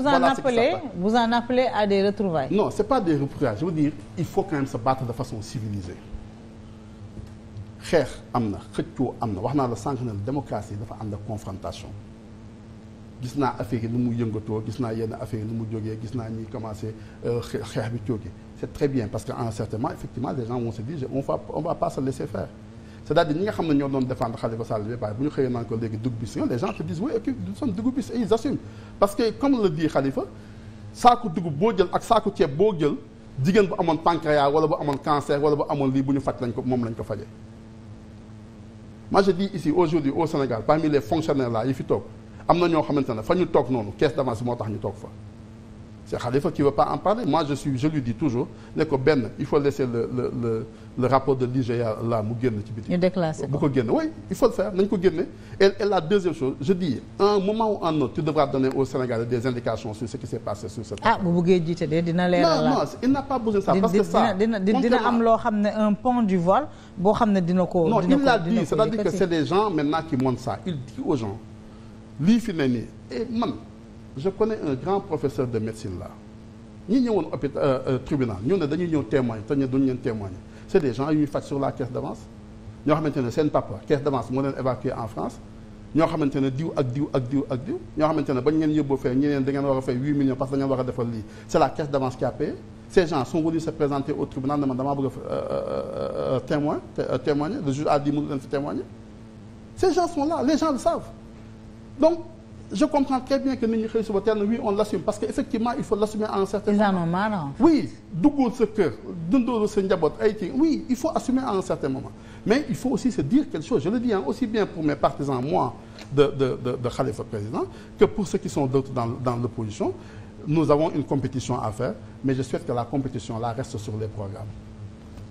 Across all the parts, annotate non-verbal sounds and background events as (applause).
vous en appelez vous en appelez à des retrouvailles. non c'est pas des retrouvailles je veux il faut quand même se battre de façon civilisée xeex am na xëccoo am na wax naa la sànq na la démocratie dafa ànd ak confrontation gis naa affaire ni nu mu yëngatoo gis naa yenn affaire ni mu jógee gis naa ñuy commencé euh, xeex bi jógee c'est très bien parce que en certain effectivement les gens vont se dire on va on va pas se laisser c'est-à-dire ñi nga xam ne ñoo doon défendre Khalifa Sall bi waaye bu ñu xëyee naan ko léegi dugubis les gens se disent parce que comme le dit Khalifa saaku dugub boo jël ak saaku ceeb boo jël jigéen bu amoon pancréas wala bu amoon cancer wala bu amoon lii bu ñu faj lañ ko moom lañ ko fajee moi je dis ici aujourd'hui au Sénégal parmi les fonctionnaires là yi fi toog am na ñoo xamante ne fa ñu toog noonu kees d'avance moo tax ñu toog fa c'est Khalifa qui veut pas en je suis je lui dis toujours ne ko benn il faut laisser le le le le rapport de l'IGA là mu génn ci biti. ñu déclassé bu ko génne oui il faut le faire nañ ko génne. et et la deuxième chose je dis un moment ou un autre tu devras donner au Sénégal des indications sur ce qui s'est passé sur ce. ah bu buggee jiite de dina leeral la non non il n'a pas besoin de ça. parce que ça dina dina am loo xam ne un pont du voile boo xam ne dina ko. dina ko non il l'a dit c'est-à-dire que c'est des je connais un grand professeur de médecine là ñi ñëwoon hôpital euh, euh, tribunal ñu ne dañuy ñëw témoigner te ñu duñ leen témoigner c'est des gens yuy faj sur la caisse d'avance ñoo xamante ne seen papa caisse d'avance moo leen évacué en France ñoo xamante ne diw ak diw ak diw ak diw ñoo xamante ne bañ ngeen yóbboo fee ñeneen da ngeen war a fay 8 millions parce que da ngeen war a defal lii c'est la caisse d'avance qui a payé se présenter au tribunal ne a euh, témoin témoigner le juge a dit mënu leen fi témoigner ces gens sont là les gens je comprends très bien que nit ñi xëy suba l'assume parce effectivement il faut l'assumer à un certain moment oui duggul sa kër dundóolu sa njaboot ay ci oui il faut assumer à un certain moment mais il faut aussi se dire quelque chose je le dis hein, aussi bien pour mes partisans moi de de de de Khalifa président que pour ceux qui sont d'autres dans l'opposition nous avons une compétition à faire mais je souhaite que la compétition là reste sur les programmes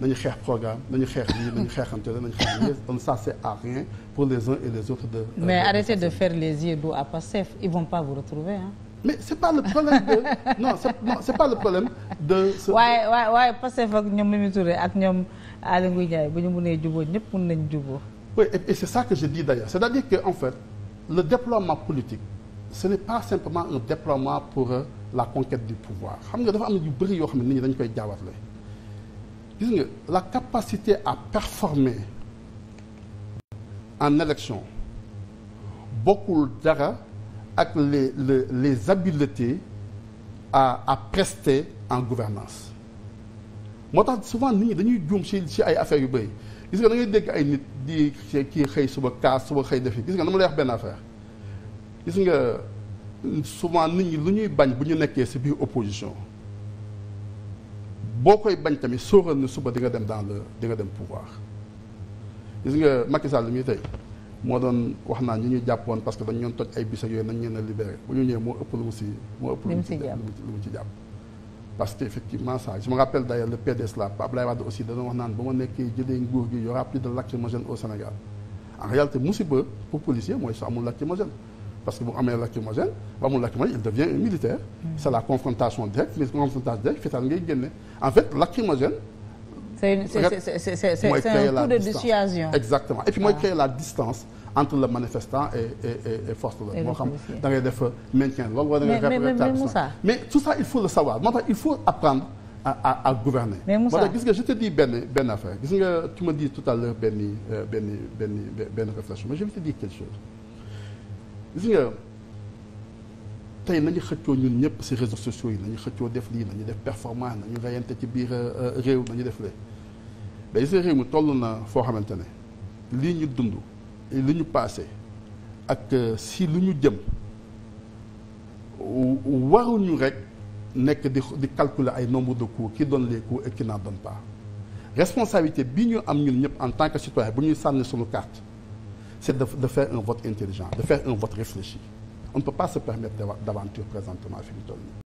nañu xeex programme nañu xeex lii nañu xeexante la nañu xeex lii donc ça c'est à rien pour les uns et les autres de. Euh, mais euh, arrêtez de faire les yeux doux à Pastef ils vont pas vous retrouver hein. mais c'est pas le problème de (laughs) non c'est non c'est pas le problème de. waaye waaye waaye Pastef ak ñoom Mimi Touré ak ñoom Aly Ngouille Ndiaye bu ñu mënee juboo ñëpp mën nañ juboo. oui et, et c'est ça que je dis d'ailleurs c'est-à-dire que en fait le déploiement politique ce n'est pas simplement un déploiement pour euh, la conquête du pouvoir xam nga dafa am yu bëri yoo xam ne nit ñi dañ koy jaawatle. gis nga la capacité à performer en élection bokkul dara ak les les les habiletés à à prester en gouvernance moo tax souvent nit ñi dañuy juum ci ci ay affaires yu bëri gis nga da ngay dégg ay nit di kii xëy suba kaas suba xëy defi gis nga dama lay wax benn affaire gis nga souvent nit ñi lu ñuy bañ bu ñu nekkee si biir opposition boo koy bañ tamit sóoral ne suba di nga dem dans le di nga dem pouvoir gis nga Macky Sall mii tey moo doon wax naa ñu ñu jàppoon parce que dañ ñoon toj ay bis yooyu nañ leen a libéré bu ñu ñëwee moo ëpp lu mu si moo ëpp lu mu si jàpp parce que effectivement ça je me rappelle d'ailleurs le PDS là Abdoulaye Wade aussi dana wax ba ma nekkee jëlee nguur gi y aura plus de lacrymogène au Sénégal en musiba pour policier mooy su amul lacrymogène parce que bu amee lacrymogène bu amul il devient un militaire. Mm. la confrontation directe mais confrontation directe fetal ngay génne en fait lacrymogène. c'est c'est mooy créer la dissuasion exactement et puis mooy ah. créer la distance entre le manifestant et et et force la moo xam da ngay def maintien loolu wala da ngay mais mais tout ça il faut le savoir moo il faut apprendre à à à gouverner. moo gis nga je te dis benn benn affaire gis nga tu me dis tout à l'heure benn euh, benn benn benn réflexion gis tey nañu xëccoo ñun ñëpp ci réseaux sociaux yi nañu xëccoo def lii nañu def performance nañu reyante ci biir euh, euh, réew nañu def lee day gis nga réew mi toll na foo xamante ne lii ñu dund li ñu passé ak euh, si lu ñu jëm waruñu rek nekk di di calculer ay nombre de coups qui donne les coups naa qui n'en donne pas responsabilité bi ñu am ñun ñëpp en tant que citoyen bu ñuy sànni suñu carte c'est de, de faire un vote intelligent de faire un vote réfléchi on ne peut pas se permettre d'aventure présentement fi ñu toll